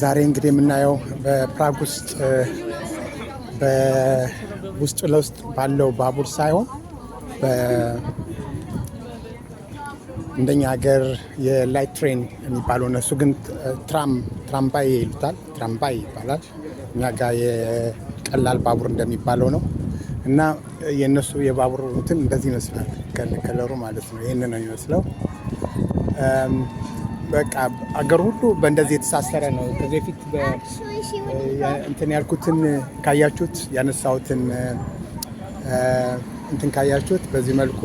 ዛሬ እንግዲህ የምናየው በፕራግ ውስጥ በውስጥ ለውስጥ ባለው ባቡር ሳይሆን እንደኛ ሀገር የላይት ትሬን የሚባለው እነሱ ግን ትራም ትራምባይ ይሉታል። ትራምባይ ይባላል። እኛ ጋ የቀላል ባቡር እንደሚባለው ነው። እና የእነሱ የባቡር እንትን እንደዚህ ይመስላል። ከለሩ ማለት ነው። ይህንን ነው የሚመስለው። በቃ አገር ሁሉ በእንደዚህ የተሳሰረ ነው። ከዚህ በፊት እንትን ያልኩትን ካያችሁት ያነሳሁትን እንትን ካያችሁት በዚህ መልኩ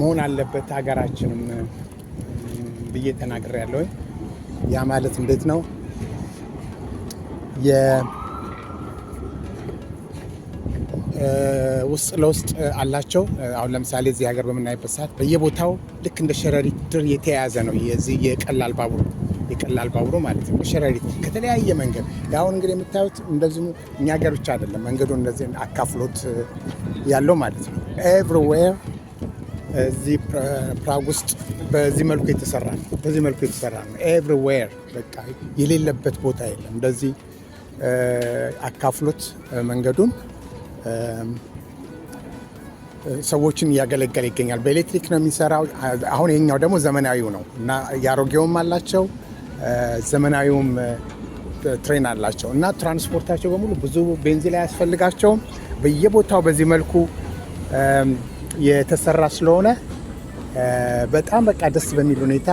መሆን አለበት ሀገራችንም ብዬ ተናግሬ ያለው ያ ማለት እንዴት ነው? ውስጥ ለውስጥ አላቸው። አሁን ለምሳሌ እዚህ ሀገር በምናይበት ሰዓት በየቦታው ልክ እንደ ሸረሪት ድር የተያያዘ ነው። የዚህ የቀላል ባቡሩ የቀላል ባቡሩ ማለት ነው። ሸረሪት ከተለያየ መንገድ አሁን እንግዲህ የምታዩት እንደዚሁ እኛ ሀገር ብቻ አይደለም መንገዱ እንደዚህ አካፍሎት ያለው ማለት ነው ኤቭሪዌር እዚህ ፕራግ ውስጥ በዚህ መልኩ የተሰራ ነው። በዚህ መልኩ የተሰራ ነው። ኤቭሪዌር በቃ የሌለበት ቦታ የለም። እንደዚህ አካፍሎት መንገዱን ሰዎችን እያገለገለ ይገኛል። በኤሌክትሪክ ነው የሚሰራው። አሁን የኛው ደግሞ ዘመናዊው ነው እና የአሮጌውም አላቸው ዘመናዊውም ትሬን አላቸው እና ትራንስፖርታቸው በሙሉ ብዙ ቤንዚን አያስፈልጋቸውም። በየቦታው በዚህ መልኩ የተሰራ ስለሆነ በጣም በቃ ደስ በሚል ሁኔታ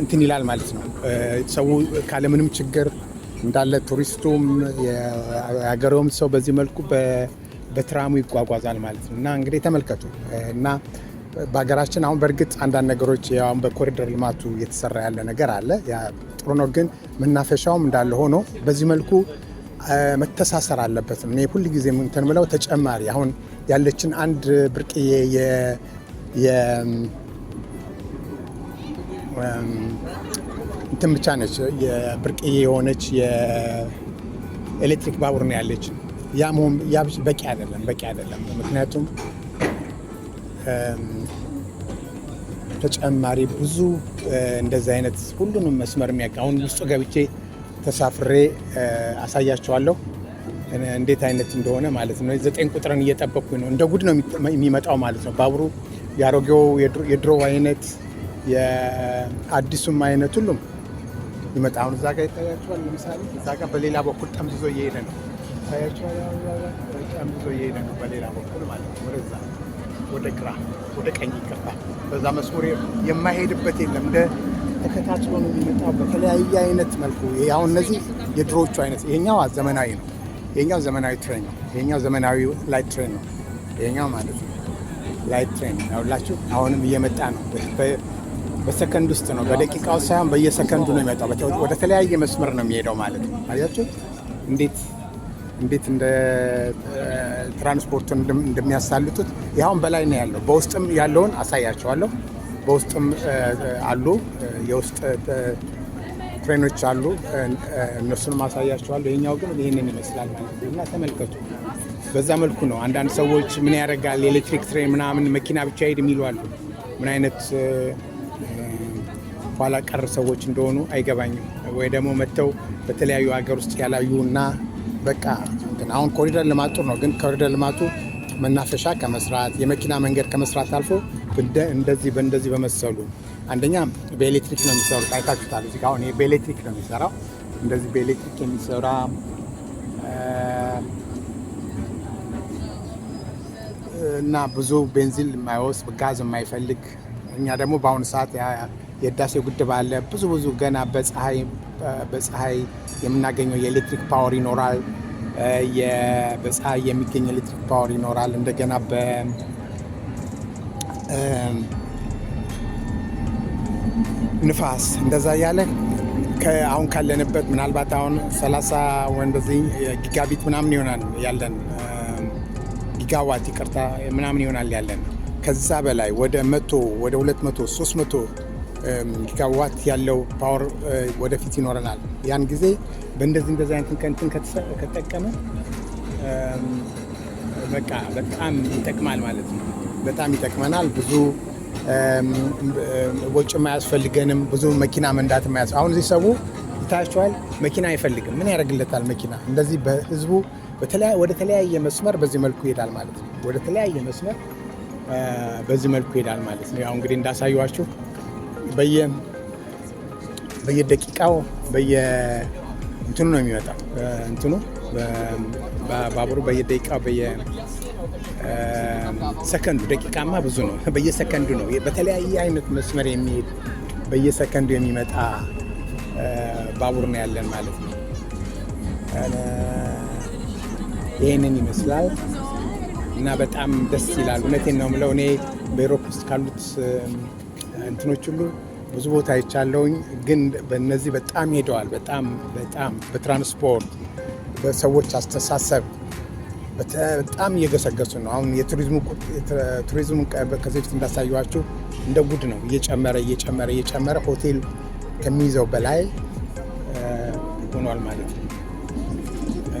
እንትን ይላል ማለት ነው። ሰው ካለምንም ችግር እንዳለ ቱሪስቱም የሀገሬውም ሰው በዚህ መልኩ በትራሙ ይጓጓዛል ማለት ነው እና እንግዲህ ተመልከቱ እና በሀገራችን አሁን በእርግጥ አንዳንድ ነገሮች ያሁን በኮሪደር ልማቱ እየተሰራ ያለ ነገር አለ። ጥሩ ነው፣ ግን መናፈሻውም እንዳለ ሆኖ በዚህ መልኩ መተሳሰር አለበት። እኔ ሁል ጊዜ እንትን ብለው ተጨማሪ አሁን ያለችን አንድ ብርቅዬ እንትን ብቻ ነች። ብርቅዬ የሆነች የኤሌክትሪክ ባቡር ነው ያለችን። ያ መሆን ያ በቂ አይደለም፣ በቂ አይደለም። ምክንያቱም ተጨማሪ ብዙ እንደዚህ አይነት ሁሉንም መስመር የሚያውቅ አሁን ውስጡ ገብቼ ተሳፍሬ አሳያቸዋለሁ። እንዴት አይነት እንደሆነ ማለት ነው። ዘጠኝ ቁጥርን እየጠበቅኩኝ ነው። እንደ ጉድ ነው የሚመጣው ማለት ነው። ባቡሩ የአሮጌው የድሮ አይነት የአዲሱም አይነት ሁሉም ይመጣ። አሁን እዛ ጋር ይታያቸዋል። ለምሳሌ እዛ ጋር በሌላ በኩል ጠምዝዞ እየሄደ ነው። ይታያቸዋል። ጠምዝዞ እየሄደ ነው በሌላ በኩል ማለት ነው። ወደዛ ወደ ግራ ወደ ቀኝ ይገባል። በዛ መስመር የማይሄድበት የለም። እንደ ተከታትሎ ነው የሚመጣው በተለያየ አይነት መልኩ። አሁን እነዚህ የድሮዎቹ አይነት፣ ይሄኛው ዘመናዊ ነው። የኛው ዘመናዊ ትሬን ነው። የኛው ዘመናዊ ላይት ትሬን ነው። የኛው ማለት ነው ላይት ትሬን ያውላችሁ፣ አሁንም እየመጣ ነው። በሰከንድ ውስጥ ነው፣ በደቂቃው ሳይሆን በየሰከንዱ ነው የሚመጣው። ወደ ተለያየ መስመር ነው የሚሄደው ማለት ነው። አያችሁ እንዴት እንዴት እንደ ትራንስፖርቱን እንደሚያሳልጡት ይኸውን በላይ ነው ያለው። በውስጥም ያለውን አሳያቸዋለሁ። በውስጥም አሉ የውስጥ ትሬኖች አሉ። እነሱን አሳያችኋለሁ። ይሄኛው ግን ይህንን ይመስላል ማለት ነው እና ተመልከቱ። በዛ መልኩ ነው። አንዳንድ ሰዎች ምን ያደርጋል የኤሌክትሪክ ትሬን ምናምን መኪና ብቻ ሄድ የሚሉ አሉ። ምን አይነት ኋላ ቀር ሰዎች እንደሆኑ አይገባኝም። ወይ ደግሞ መጥተው በተለያዩ ሀገር ውስጥ ያላዩ እና በቃ አሁን ኮሪደር ልማቱ ነው። ግን ኮሪደር ልማቱ መናፈሻ ከመስራት የመኪና መንገድ ከመስራት አልፎ እንደዚህ በእንደዚህ በመሰሉ አንደኛ በኤሌክትሪክ ነው የሚሰሩ አይታችሁታል። እዚህ አሁን በኤሌክትሪክ ነው የሚሰራው። እንደዚህ በኤሌክትሪክ የሚሰራ እና ብዙ ቤንዚን የማይወስድ ጋዝ የማይፈልግ እኛ ደግሞ በአሁኑ ሰዓት የዳሴ ግድብ አለ። ብዙ ብዙ ገና በፀሐይ የምናገኘው የኤሌክትሪክ ፓወር ይኖራል። በፀሐይ የሚገኝ ኤሌክትሪክ ፓወር ይኖራል። እንደገና ንፋስ እንደዛ እያለ አሁን ካለንበት ምናልባት አሁን 30 ወይ እንደዚህ ጊጋቢት ምናምን ይሆናል ያለን ጊጋዋት ይቅርታ ምናምን ይሆናል ያለን። ከዛ በላይ ወደ መቶ ወደ 200 300 ጊጋዋት ያለው ፓወር ወደፊት ይኖረናል። ያን ጊዜ በእንደዚህ እንደዚህ አይነት እንትን ከተጠቀመ በቃ በጣም ይጠቅማል ማለት ነው። በጣም ይጠቅመናል። ብዙ ወጭ አያስፈልገንም። ብዙ መኪና መንዳት ማያስ አሁን እዚህ ሰው ይታያቸዋል፣ መኪና አይፈልግም። ምን ያደርግለታል መኪና? እንደዚህ በህዝቡ ወደ ተለያየ መስመር በዚህ መልኩ ይሄዳል ማለት ነው። ወደ ተለያየ መስመር በዚህ መልኩ ይሄዳል ማለት ነው። ያው እንግዲህ እንዳሳየዋችሁ በየ በየደቂቃው በየ እንትኑ ነው የሚመጣው እንትኑ ባቡሩ በየደቂቃው በየ ሰከንዱ ደቂቃማ ብዙ ነው። በየሰከንዱ ነው በተለያየ አይነት መስመር የሚሄድ በየሰከንዱ የሚመጣ ባቡር ነው ያለን ማለት ነው። ይህንን ይመስላል እና በጣም ደስ ይላል። እውነቴን ነው የምለው እኔ በኢሮፕ ውስጥ ካሉት እንትኖች ሁሉ ብዙ ቦታ አይቻለሁኝ፣ ግን በእነዚህ በጣም ሄደዋል። በጣም በጣም በትራንስፖርት በሰዎች አስተሳሰብ በጣም እየገሰገሱ ነው። አሁን የቱሪዝሙ ከዚህ ፊት እንዳሳየኋችሁ እንደ ጉድ ነው እየጨመረ እየጨመረ እየጨመረ ሆቴል ከሚይዘው በላይ ሆኗል ማለት ነው።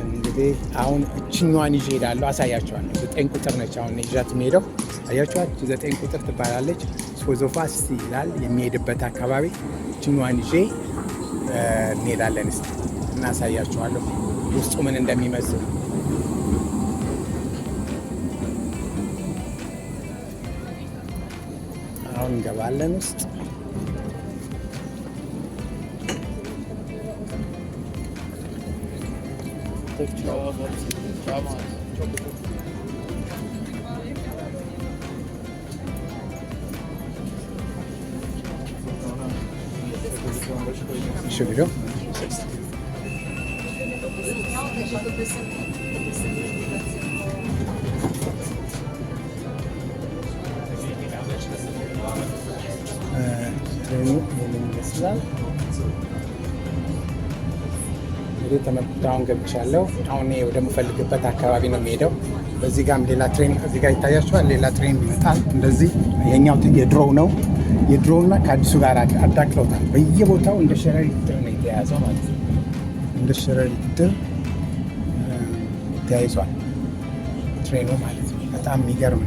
እንግዲህ አሁን እችኛዋን ይዤ እሄዳለሁ፣ አሳያቸዋለሁ። ዘጠኝ ቁጥር ነች አሁን ይዣት የሚሄደው አያቸኋች፣ ዘጠኝ ቁጥር ትባላለች። ሶዞፋስ ይላል የሚሄድበት አካባቢ። እችኛዋን ይዤ እንሄዳለን እና ውስጡ ምን እንደሚመስል on the Entschuldigung. ይመስላል። እንግዲህ ተመጣሁን ገብቻለሁ። አሁን ወደምፈልግበት አካባቢ ነው የሚሄደው። በዚህ ጋም ሌላ ትሬን እዚህ ጋር ይታያችኋል። ሌላ ትሬን ይመጣል። እንደዚህ ይሄኛው የድሮው ነው። የድሮውና ከአዲሱ ጋር አዳቅለውታል። በየቦታው እንደ ሸረሪት ድር ነው የተያያዘው ማለት ነው። እንደ ሸረሪት ተያይዟል ትሬኑ ማለት ነው። በጣም የሚገርም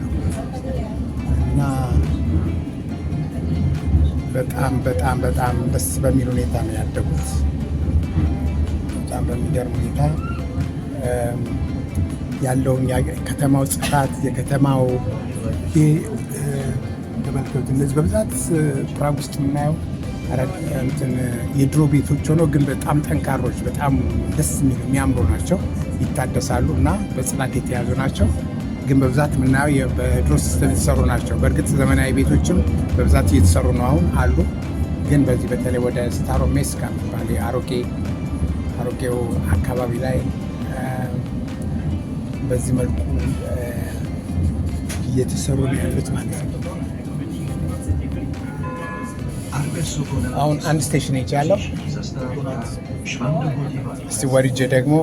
በጣም በጣም በጣም ደስ በሚል ሁኔታ ነው ያደጉት። በጣም በሚገርም ሁኔታ ያለውን ከተማው ጽፋት የከተማው ተመልከቱ። እነዚህ በብዛት ፕራግ ውስጥ የምናየው የድሮ ቤቶች ሆኖ ግን በጣም ጠንካሮች፣ በጣም ደስ የሚያምሩ ናቸው። ይታደሳሉ እና በጽናት የተያዙ ናቸው። ግን በብዛት የምናየው በድሮ ሲስተም የተሰሩ ናቸው። በእርግጥ ዘመናዊ ቤቶችም በብዛት እየተሰሩ ነው አሁን አሉ። ግን በዚህ በተለይ ወደ ስታሮ ሜስካ የሚባል አሮጌ አሮጌው አካባቢ ላይ በዚህ መልኩ እየተሰሩ ነው ያሉት ማለት ነው። አሁን አንድ ስቴሽን ሄጃለሁ። እስቲ ወርጄ ደግሞ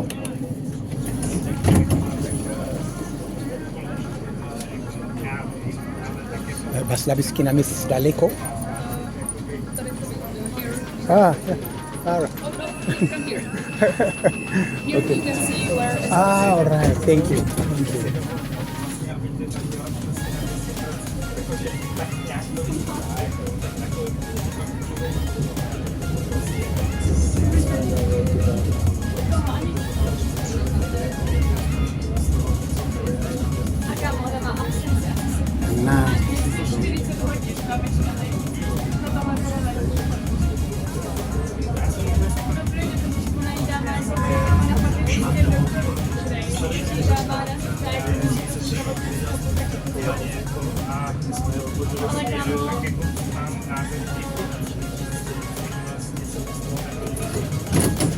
mas labis kina Miss Daleko. Ah, yeah. all right. Oh, no, from here. here okay. we can see you are. Ah, all right. Thank you. Thank you. případě jako a vlastně tak jako mám název těch vlastně co z toho teď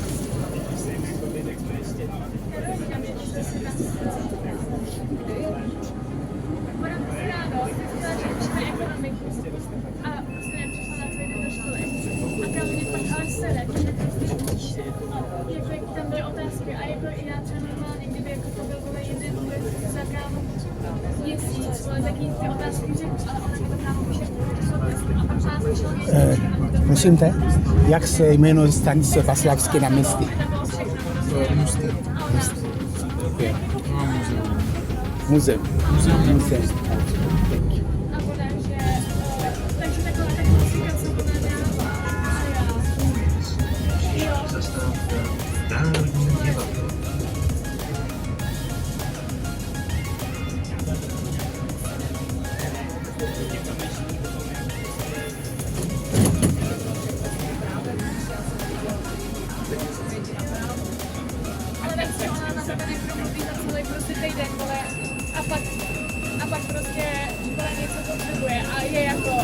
se jim jako vyjde to ještě a prostě nepřišla na chvíli do školy. A tam mě pak ale sere, protože prostě jako jak tam byly otázky a jako i já třeba normálně, kdyby jako to byl jeden vůbec za kámo, musím eh, te? jak se jmenuje stanice Vaslavské na městě? Muzeum. Muzeum. Muzeum. Muzeum.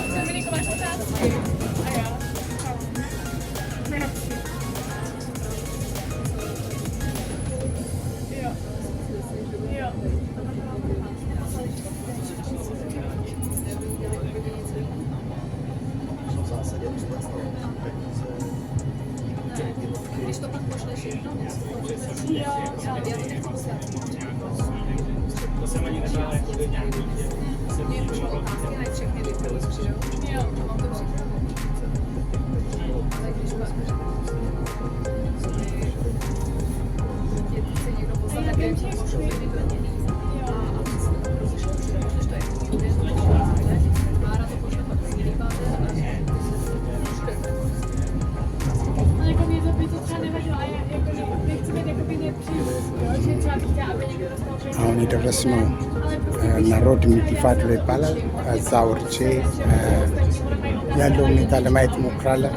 so many questions አሁን የደረስ ነው እና ሮድ ይባላል። እዛ ወርቼ ያለው ሁኔታ ለማየት ሞክራለን።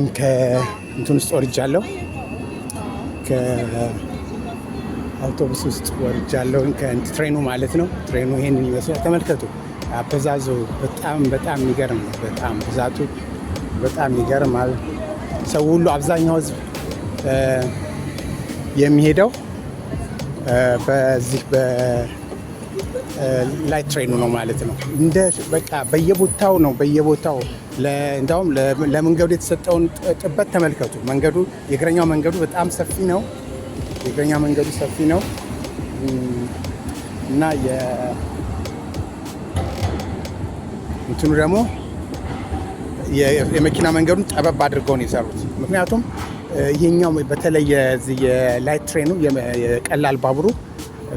አሁን ከእንትን ውስጥ ወርጃለሁ፣ ከአውቶቡስ ውስጥ ወርጃለሁ። ትሬኑ ማለት ነው። ትሬኑ ይሄንን ይመስላል። ተመልከቱ አበዛዙ በጣም በጣም የሚገርም ነው። በጣም ብዛቱ በጣም ይገርማል። ሰው ሁሉ አብዛኛው ህዝብ የሚሄደው በዚህ በላይት ትሬኑ ነው ማለት ነው። እንደ በቃ በየቦታው ነው በየቦታው እንዲሁም ለመንገዱ የተሰጠውን ጥበት ተመልከቱ። መንገዱ የእግረኛ መንገዱ በጣም ሰፊ ነው። የእግረኛው መንገዱ ሰፊ ነው እና እንትኑ ደግሞ የመኪና መንገዱን ጠበብ አድርገው ነው የሰሩት። ምክንያቱም ይህኛው በተለይ የላይት ትሬኑ የቀላል ባቡሩ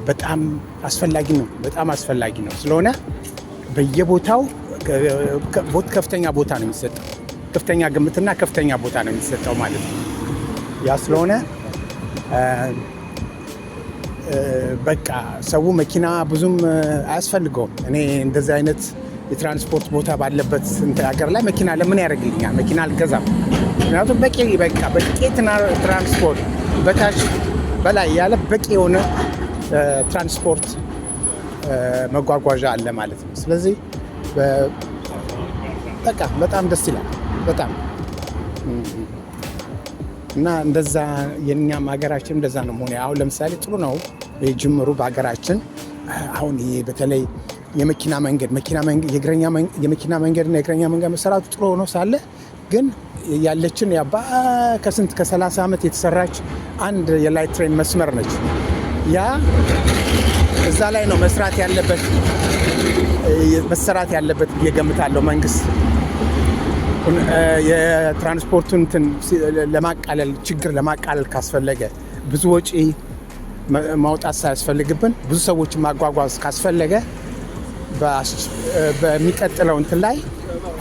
በጣም አስፈላጊ ነው፣ በጣም አስፈላጊ ነው ስለሆነ በየቦታው ከፍተኛ ቦታ ነው የሚሰጠው። ከፍተኛ ግምትና ከፍተኛ ቦታ ነው የሚሰጠው ማለት ነው። ያ ስለሆነ በቃ ሰው መኪና ብዙም አያስፈልገውም። እኔ እንደዚህ አይነት የትራንስፖርት ቦታ ባለበት ስንት ሀገር ላይ መኪና ለምን ያደርግልኛል? መኪና አልገዛም። ምክንያቱም በቂ በቃ በጥቂት ትራንስፖርት በታች በላይ ያለ በቂ የሆነ ትራንስፖርት መጓጓዣ አለ ማለት ነው። ስለዚህ በቃ በጣም ደስ ይላል። በጣም እና እንደዛ የኛም ሀገራችን እንደዛ ነው መሆን። አሁን ለምሳሌ ጥሩ ነው ጅምሩ በሀገራችን አሁን ይሄ በተለይ የመኪና መንገድ የመኪና መንገድና የእግረኛ መንገድ መሰራቱ ጥሩ ሆኖ ሳለ ግን ያለችን ከስንት ከ30 ዓመት የተሰራች አንድ የላይት ትሬን መስመር ነች። ያ እዛ ላይ ነው መስራት ያለበት። መሰራት ያለበት ብዬ ገምታለሁ። መንግስት የትራንስፖርቱን እንትን ለማቃለል ችግር ለማቃለል ካስፈለገ ብዙ ወጪ ማውጣት ሳያስፈልግብን ብዙ ሰዎች ማጓጓዝ ካስፈለገ በሚቀጥለው እንትን ላይ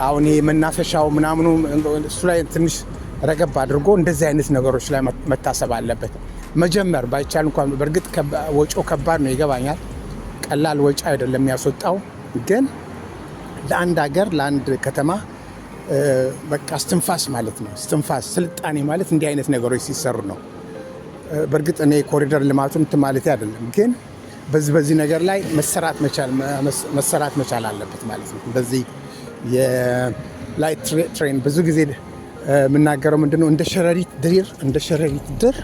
አሁን የመናፈሻው ምናምኑ እሱ ላይ ትንሽ ረገብ አድርጎ እንደዚህ አይነት ነገሮች ላይ መታሰብ አለበት። መጀመር ባይቻል እንኳን በእርግጥ ወጪው ከባድ ነው ይገባኛል። ቀላል ወጪ አይደለም የሚያስወጣው። ግን ለአንድ ሀገር ለአንድ ከተማ በቃ እስትንፋስ ማለት ነው። እስትንፋስ ስልጣኔ ማለት እንዲህ አይነት ነገሮች ሲሰሩ ነው። በእርግጥ እኔ ኮሪደር ልማቱን እንትን ማለት አይደለም፣ ግን በዚህ በዚህ ነገር ላይ መሰራት መቻል አለበት ማለት ነው። በዚህ የላይት ትሬን ብዙ ጊዜ የምናገረው ምንድነው እንደ ሸረሪት ድር እንደ ሸረሪት ድር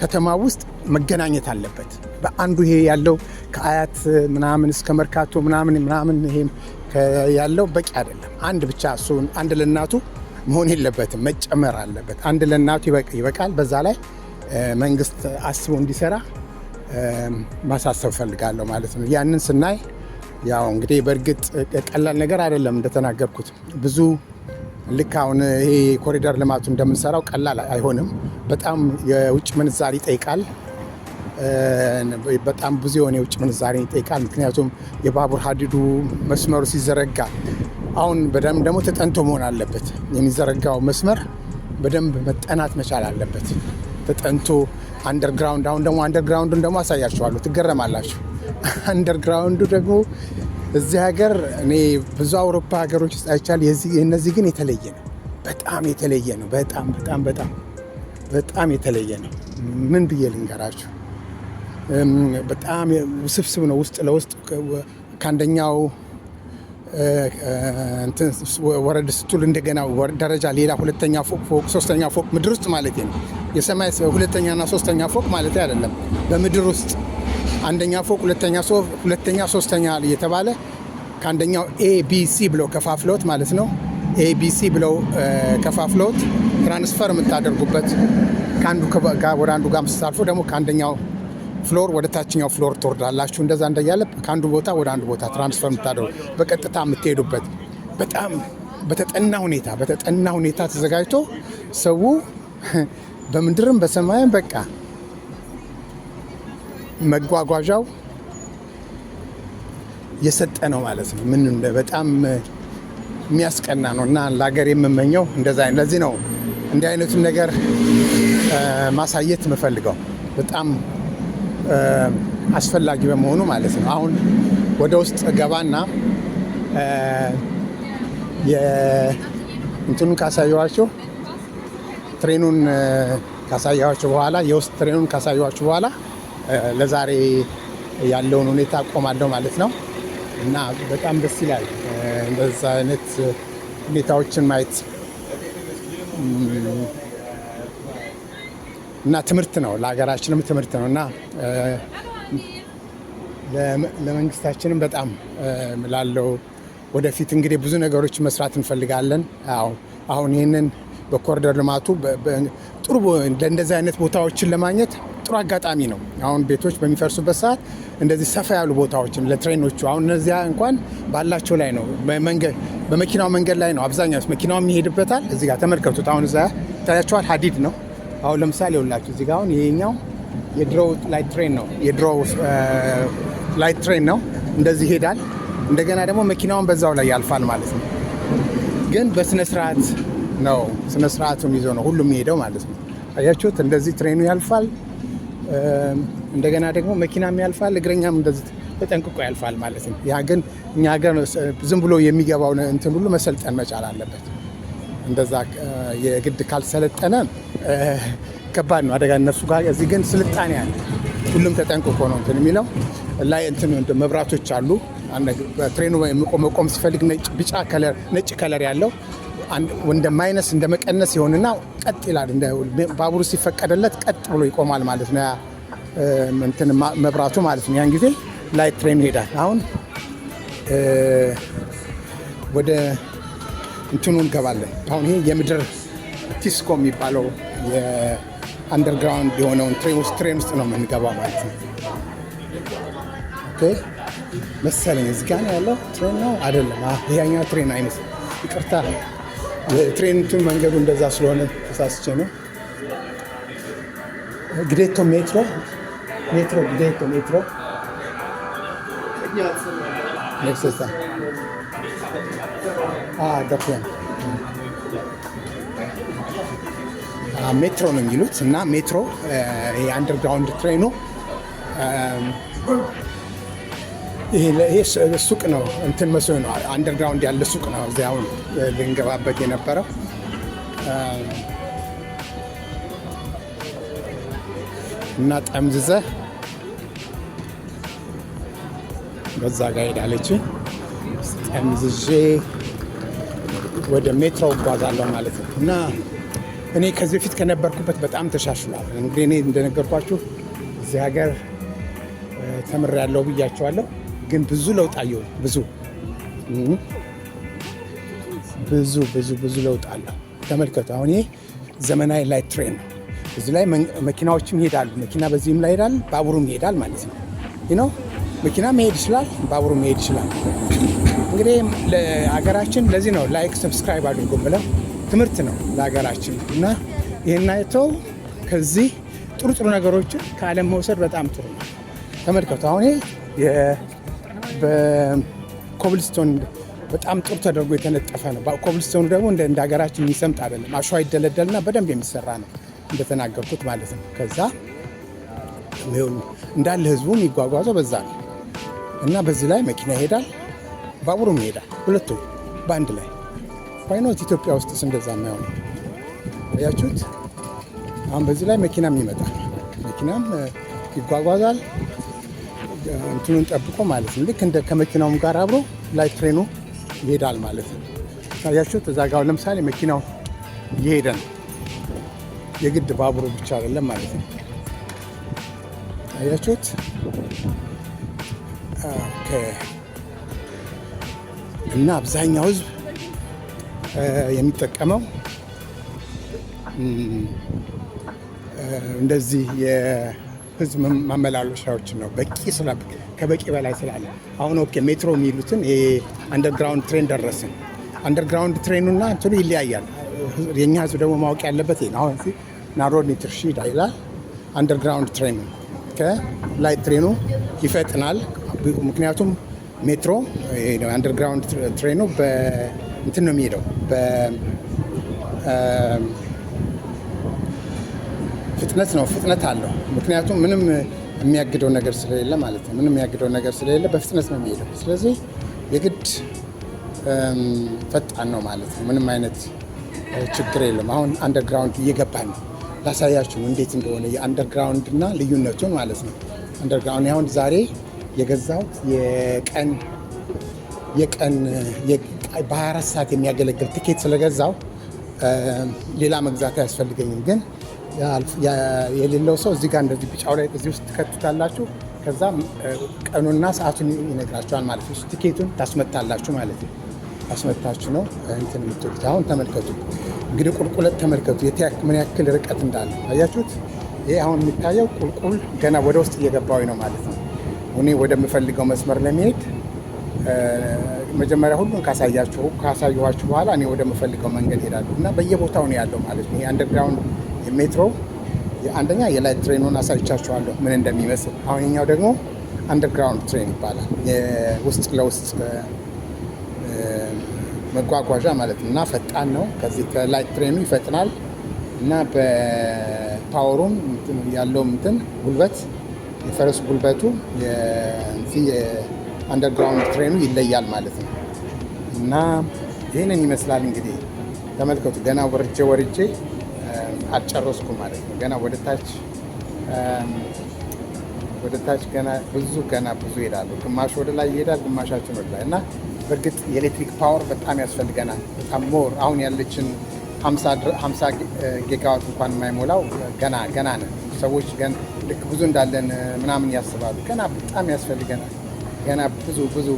ከተማ ውስጥ መገናኘት አለበት። በአንዱ ይሄ ያለው ከአያት ምናምን እስከ መርካቶ ምናምን ምናምን ይሄ ያለው በቂ አይደለም። አንድ ብቻ እሱ አንድ ለእናቱ መሆን የለበትም፣ መጨመር አለበት። አንድ ለእናቱ ይበቃል። በዛ ላይ መንግስት አስቦ እንዲሰራ ማሳሰብ ፈልጋለሁ ማለት ነው። ያንን ስናይ ያው እንግዲህ በእርግጥ ቀላል ነገር አይደለም እንደተናገርኩት ብዙ ልክ አሁን ይሄ ኮሪደር ልማቱ እንደምንሰራው ቀላል አይሆንም። በጣም የውጭ ምንዛሪ ይጠይቃል። በጣም ብዙ የሆነ የውጭ ምንዛሪ ይጠይቃል። ምክንያቱም የባቡር ሀዲዱ መስመሩ ሲዘረጋ አሁን በደንብ ደግሞ ተጠንቶ መሆን አለበት። የሚዘረጋው መስመር በደንብ መጠናት መቻል አለበት ተጠንቶ አንደርግራውንድ አሁን ደግሞ አንደርግራውንዱን ደግሞ አሳያችኋለሁ፣ ትገረማላችሁ። አንደርግራውንዱ ደግሞ እዚህ ሀገር እኔ ብዙ አውሮፓ ሀገሮች ውስጥ አይቻል። እነዚህ ግን የተለየ ነው። በጣም የተለየ ነው። በጣም በጣም በጣም በጣም የተለየ ነው። ምን ብዬ ልንገራችሁ? በጣም ውስብስብ ነው። ውስጥ ለውስጥ ከአንደኛው ወረድ ስትል እንደገና ደረጃ ሌላ ሁለተኛ ፎቅ ፎቅ ሶስተኛ ፎቅ ምድር ውስጥ ማለት ነው። የሰማይ ሁለተኛና ሶስተኛ ፎቅ ማለት አይደለም። በምድር ውስጥ አንደኛ ፎቅ፣ ሁለተኛ ሶ ሁለተኛ ሶስተኛ እየተባለ ከአንደኛው ኤቢሲ ብለው ከፋፍለውት ማለት ነው። ኤቢሲ ብለው ከፋፍለውት ትራንስፈር የምታደርጉበት ከአንዱ ወደ አንዱ ጋር ስታልፎ ደግሞ ከአንደኛው ፍሎር ወደ ታችኛው ፍሎር ትወርዳላችሁ። እንደዛ እንደያለ ከአንዱ ቦታ ወደ አንዱ ቦታ ትራንስፈር የምታደርጉ በቀጥታ የምትሄዱበት በጣም በተጠና ሁኔታ በተጠና ሁኔታ ተዘጋጅቶ ሰው በምድርም በሰማይም በቃ መጓጓዣው የሰጠ ነው ማለት ነው። ምን በጣም የሚያስቀና ነው እና ለሀገር የምመኘው እንደዛ። አይነት ለዚህ ነው እንዲህ አይነቱን ነገር ማሳየት የምፈልገው በጣም አስፈላጊ በመሆኑ ማለት ነው። አሁን ወደ ውስጥ ገባና እንትኑን ካሳየኋቸው ትሬኑን ካሳየኋቸው በኋላ የውስጥ ትሬኑን ካሳየኋቸው በኋላ ለዛሬ ያለውን ሁኔታ አቆማለሁ ማለት ነው እና በጣም ደስ ይላል እንደዛ አይነት ሁኔታዎችን ማየት እና ትምህርት ነው፣ ለሀገራችንም ትምህርት ነው እና ለመንግስታችንም በጣም ላለው ወደፊት እንግዲህ ብዙ ነገሮች መስራት እንፈልጋለን። አሁን ይህንን በኮሪደር ልማቱ ጥሩ ለእንደዚህ አይነት ቦታዎችን ለማግኘት ጥሩ አጋጣሚ ነው። አሁን ቤቶች በሚፈርሱበት ሰዓት እንደዚህ ሰፋ ያሉ ቦታዎችን ለትሬኖቹ አሁን እነዚያ እንኳን ባላቸው ላይ ነው፣ በመኪናው መንገድ ላይ ነው አብዛኛው መኪናውም ይሄድበታል። እዚህ ጋር ተመልከቱት። አሁን እዛ ታያቸዋል፣ ሀዲድ ነው። አሁን ለምሳሌ ይኸውላችሁ እዚህ ጋር አሁን ይሄኛው የድሮ ላይት ትሬን ነው፣ የድሮ ላይት ትሬን ነው። እንደዚህ ይሄዳል። እንደገና ደግሞ መኪናውን በዛው ላይ ያልፋል ማለት ነው። ግን በስነስርዓት ነው ስነ ስርዓቱን ይዞ ነው ሁሉም የሚሄደው ማለት ነው። አያችሁት? እንደዚህ ትሬኑ ያልፋል፣ እንደገና ደግሞ መኪናም ያልፋል፣ እግረኛም እንደዚህ ተጠንቅቆ ያልፋል ማለት ነው። ያ ግን እኛ ሀገር ዝም ብሎ የሚገባው እንትን ሁሉ መሰልጠን መቻል አለበት። እንደዛ የግድ ካልሰለጠነ ከባድ ነው አደጋ እነሱ ጋር። እዚህ ግን ስልጣኔ አለ፣ ሁሉም ተጠንቅቆ ነው እንትን የሚለው ላይ እንትን መብራቶች አሉ። ትሬኑ መቆም ሲፈልግ ነጭ ቢጫ ከለር ነጭ ከለር ያለው እንደ ማይነስ እንደ መቀነስ ይሆንና ቀጥ ይላል። ባቡሩ ሲፈቀደለት ቀጥ ብሎ ይቆማል ማለት ነው፣ እንትን መብራቱ ማለት ነው። ያን ጊዜ ላይት ትሬን ይሄዳል። አሁን ወደ እንትኑ እንገባለን። አሁን ይሄ የምድር ቲስኮ የሚባለው የአንደርግራውንድ የሆነውን ትሬን ውስጥ ትሬን ውስጥ ነው የምንገባው ማለት ነው መሰለኝ። እዚጋ ነው ያለው ትሬን ነው አይደለም? ይሄኛው ትሬን አይመስል ይቅርታ የትሬንቱን መንገዱ እንደዛ ስለሆነ ተሳስቼ ነው። ግዴቶ ሜትሮ ሜትሮ ግዴቶ ሜትሮ ሜትሮ ነው የሚሉት እና ሜትሮ የአንደርግራውንድ ትሬኑ ይሄ ሱቅ ነው፣ እንትን መስሎ ነው። አንደርግራውንድ ያለ ሱቅ ነው። እዚያ ልንገባበት የነበረው እና ጠምዝዘ በዛ ጋ ሄዳለች። ጠምዝዤ ወደ ሜትሮ እጓዛለሁ ማለት ነው። እና እኔ ከዚህ በፊት ከነበርኩበት በጣም ተሻሽሏል። እንግዲህ እኔ እንደነገርኳችሁ እዚህ ሀገር ተምሬያለሁ ብያቸዋለሁ። ግን ብዙ ለውጥ አየሁ። ብዙ ብዙ ብዙ ብዙ ለውጥ አለ። ተመልከቱ። አሁን ይህ ዘመናዊ ላይት ትሬን ነው። እዚህ ላይ መኪናዎችም ይሄዳሉ። መኪና በዚህም ላይ ይሄዳል፣ ባቡሩም ይሄዳል ማለት ነው። ነው መኪና መሄድ ይችላል፣ ባቡሩ መሄድ ይችላል። እንግዲህ ለሀገራችን ለዚህ ነው ላይክ ሰብስክራይብ አድርጎ ብለው ትምህርት ነው ለሀገራችን እና ይህን አይተው ከዚህ ጥሩ ጥሩ ነገሮችን ከዓለም መውሰድ በጣም ጥሩ ነው። ተመልከቱ አሁን በኮብልስቶን በጣም ጥሩ ተደርጎ የተነጠፈ ነው። ኮብልስቶኑ ደግሞ እንደ ሀገራችን የሚሰምጥ አይደለም። አሸዋ ይደለደልና በደንብ የሚሰራ ነው እንደተናገርኩት ማለት ነው። ከዛ እንዳለ ህዝቡ የሚጓጓዘው በዛ ነው እና በዚህ ላይ መኪና ይሄዳል፣ ባቡሩም ይሄዳል፣ ሁለቱ በአንድ ላይ ዋይኖት ኢትዮጵያ ስ እንደዛ የማይሆነ ያችሁት አሁን በዚህ ላይ መኪናም ይመጣል፣ መኪናም ይጓጓዛል፣ እንትኑን ጠብቆ ማለት ነው። ልክ እንደ ከመኪናውም ጋር አብሮ ላይ ትሬኑ ይሄዳል ማለት ነው። ታያችሁት እዛ ጋር ለምሳሌ መኪናው እየሄደ ነው። የግድ ባቡሩ ብቻ አይደለም ማለት ነው። ታያችሁት እና አብዛኛው ህዝብ የሚጠቀመው እንደዚህ ህዝብ ማመላለሻዎች ነው። በቂ ስለ ከበቂ በላይ ስላለ አሁን ኦኬ ሜትሮ የሚሉትን አንደርግራውንድ ትሬን ደረስን። አንደርግራውንድ ትሬኑና እንትኑ ይለያያል። የኛ ህዝብ ደግሞ ማወቅ ያለበት ይሄ አሁን እዚህ ትርሺዳ ይላል አንደርግራውንድ ትሬኑ ከላይ ትሬኑ ይፈጥናል። ምክንያቱም ሜትሮ አንደርግራውንድ ትሬኑ በእንትን ነው የሚሄደው ፍጥነት ነው፣ ፍጥነት አለው። ምክንያቱም ምንም የሚያግደው ነገር ስለሌለ ማለት ነው። ምንም የሚያግደው ነገር ስለሌለ በፍጥነት ነው የሚሄደው። ስለዚህ የግድ ፈጣን ነው ማለት ነው። ምንም አይነት ችግር የለም። አሁን አንደርግራውንድ እየገባ ነው። ላሳያችሁ እንዴት እንደሆነ የአንደርግራውንድ እና ልዩነቱን ማለት ነው። አንደርግራውንድ አሁን ዛሬ የገዛሁት የቀን የቀን በ24 ሰዓት የሚያገለግል ትኬት ስለገዛው ሌላ መግዛት አያስፈልገኝም ግን የሌለው ሰው እዚህ ጋር እንደዚህ ቢጫው ላይ እዚህ ውስጥ ትከትታላችሁ። ከዛ ቀኑና ሰዓቱን ይነግራችኋል ማለት ነው። ቲኬቱን ታስመታላችሁ ማለት ነው። አስመታችሁ ነው እንትን የምትሉት። አሁን ተመልከቱ እንግዲህ ቁልቁለት ተመልከቱ፣ ምን ያክል ርቀት እንዳለ አያችሁት? ይህ አሁን የሚታየው ቁልቁል ገና ወደ ውስጥ እየገባዊ ነው ማለት ነው። እኔ ወደምፈልገው መስመር ለመሄድ መጀመሪያ ሁሉን ካሳያችሁ ካሳየኋችሁ በኋላ እኔ ወደምፈልገው መንገድ ሄዳለሁ እና በየቦታው ነው ያለው ማለት ነው። ይሄ አንደርግራውንድ የሜትሮ አንደኛ የላይት ትሬኑን አሳይቻችኋለሁ ምን እንደሚመስል። አሁንኛው ደግሞ አንደርግራውንድ ትሬን ይባላል። የውስጥ ለውስጥ መጓጓዣ ማለት እና ፈጣን ነው። ከዚህ ከላይት ትሬኑ ይፈጥናል እና በፓወሩም ያለው ምትን ጉልበት የፈረስ ጉልበቱ የአንደርግራውንድ ትሬኑ ይለያል ማለት ነው እና ይህንን ይመስላል እንግዲህ ተመልከቱ። ገና ወርጄ ወርጄ አልጨረስኩ ማለት ነው። ገና ወደታች ወደታች ገና ብዙ ገና ብዙ ይሄዳሉ። ግማሽ ወደ ላይ ይሄዳል፣ ግማሻችን ወደ ላይ እና በእርግጥ የኤሌክትሪክ ፓወር በጣም ያስፈልገናል። በጣም ሞር አሁን ያለችን 50 ጌጋዋት እንኳን የማይሞላው ገና ገና ነ ሰዎች ግን ልክ ብዙ እንዳለን ምናምን ያስባሉ። ገና በጣም ያስፈልገናል። ገና ብዙ ብዙ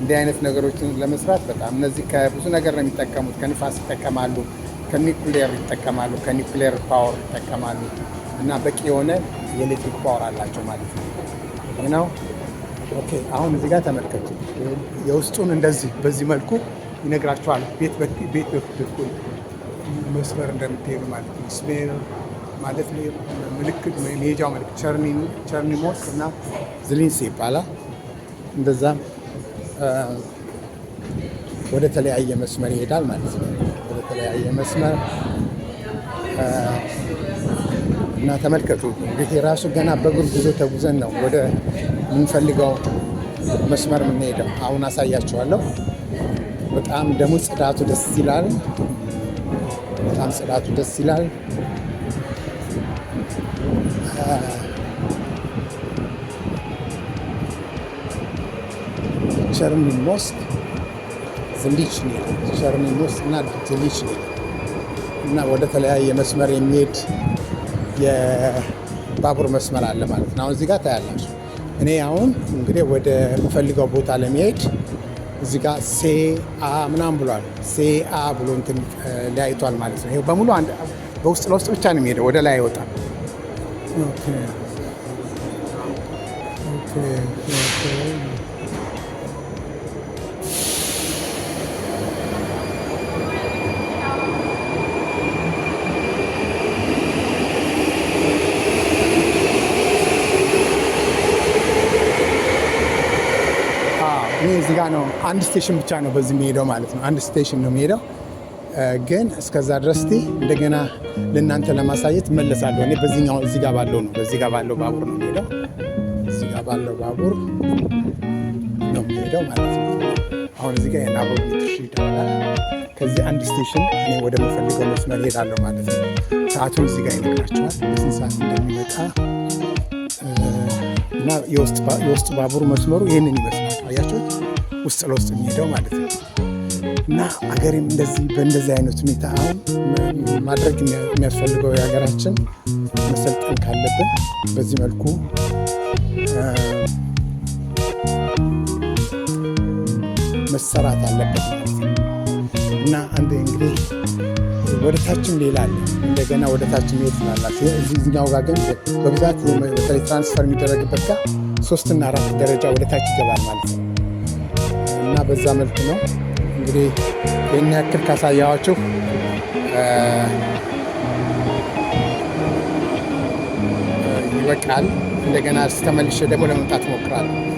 እንዲህ አይነት ነገሮችን ለመስራት በጣም እነዚህ ከብዙ ነገር ነው የሚጠቀሙት። ከንፋስ ይጠቀማሉ ከኒኩሌር ይጠቀማሉ፣ ከኒኩሌር ፓወር ይጠቀማሉ እና በቂ የሆነ የኤሌክትሪክ ፓወር አላቸው ማለት ነው ነው። ኦኬ አሁን እዚህ ጋር ተመልከቱ። የውስጡን እንደዚህ በዚህ መልኩ ይነግራቸዋል። ቤት ቤት በኩል መስመር እንደምትሄዱ ማለት ነው። ስሜር ማለት ምልክት መሄጃው ምልክት ቸርኒሞስ እና ዝሊንስ ይባላል። እንደዛም ወደ ተለያየ መስመር ይሄዳል ማለት ነው። በተለያየ መስመር እና ተመልከቱ እንግዲህ ራሱ ገና በእግር ጉዞ ተጉዘን ነው ወደ የምንፈልገው መስመር የምንሄደው። አሁን አሳያችኋለሁ። በጣም ደግሞ ጽዳቱ ደስ ይላል። በጣም ጽዳቱ ደስ ይላል። ቸርሚን ሞስክ ዝሊችኒ ጀርመን ውስጥ እና እና ወደ ተለያየ መስመር የሚሄድ የባቡር መስመር አለ ማለት ነው። አሁን እዚህ ጋር ታያላችሁ። እኔ አሁን እንግዲህ ወደ ምፈልገው ቦታ ለመሄድ እዚህ ጋር ምናምን ብሏል። ብሎ እንትን ሊያይቷል ማለት ነው። ይሄ በሙሉ በውስጥ ለውስጥ ብቻ ነው የሚሄደው፣ ወደ ላይ አይወጣም። ኦኬ ኦኬ ኦኬ ጋ ነው። አንድ ስቴሽን ብቻ ነው በዚህ የሚሄደው ማለት ነው። አንድ ስቴሽን ነው የሚሄደው። ግን እስከዛ ድረስ እንደገና ለእናንተ ለማሳየት መለሳለሁ። እኔ በዚህኛው እዚህ ጋር ባለው ነው በዚህ ጋር ባለው ባቡር ነው የሚሄደው። እዚህ ጋር ባለው ባቡር ነው የሚሄደው ማለት ነው። አሁን እዚህ ጋር የናቦ ሜትር ይደላል። ከዚህ አንድ ስቴሽን እኔ ወደ መፈልገው መስመር ሄዳለሁ ማለት ነው። ሰዓቱን እዚህ ጋር ይነግራቸዋል በስንት ሰዓት እንደሚመጣ እና የውስጥ ባቡር መስመሩ ይህንን ይመስላል። አያችሁት? ውስጥ ለውስጥ የሚሄደው ማለት ነው እና አገሬም እንደዚህ በእንደዚህ አይነት ሁኔታ አሁን ማድረግ የሚያስፈልገው የሀገራችን መሰልጠን ካለብን በዚህ መልኩ መሰራት አለበት ማለት ነው እና አንድ እንግዲህ ወደታችን ሌላ አለ እንደገና ወደታችን ሄድ ትላላችሁ። እዚኛው ጋር ግን በብዛት በተለይ ትራንስፈር የሚደረግበት ጋር ሶስትና አራት ደረጃ ወደታች ይገባል ማለት ነው። በዛ መልክ ነው እንግዲህ ይህን ያክል ካሳያዋችሁ ይበቃል። እንደገና ስተመልሼ ደግሞ ለመምጣት እሞክራለሁ።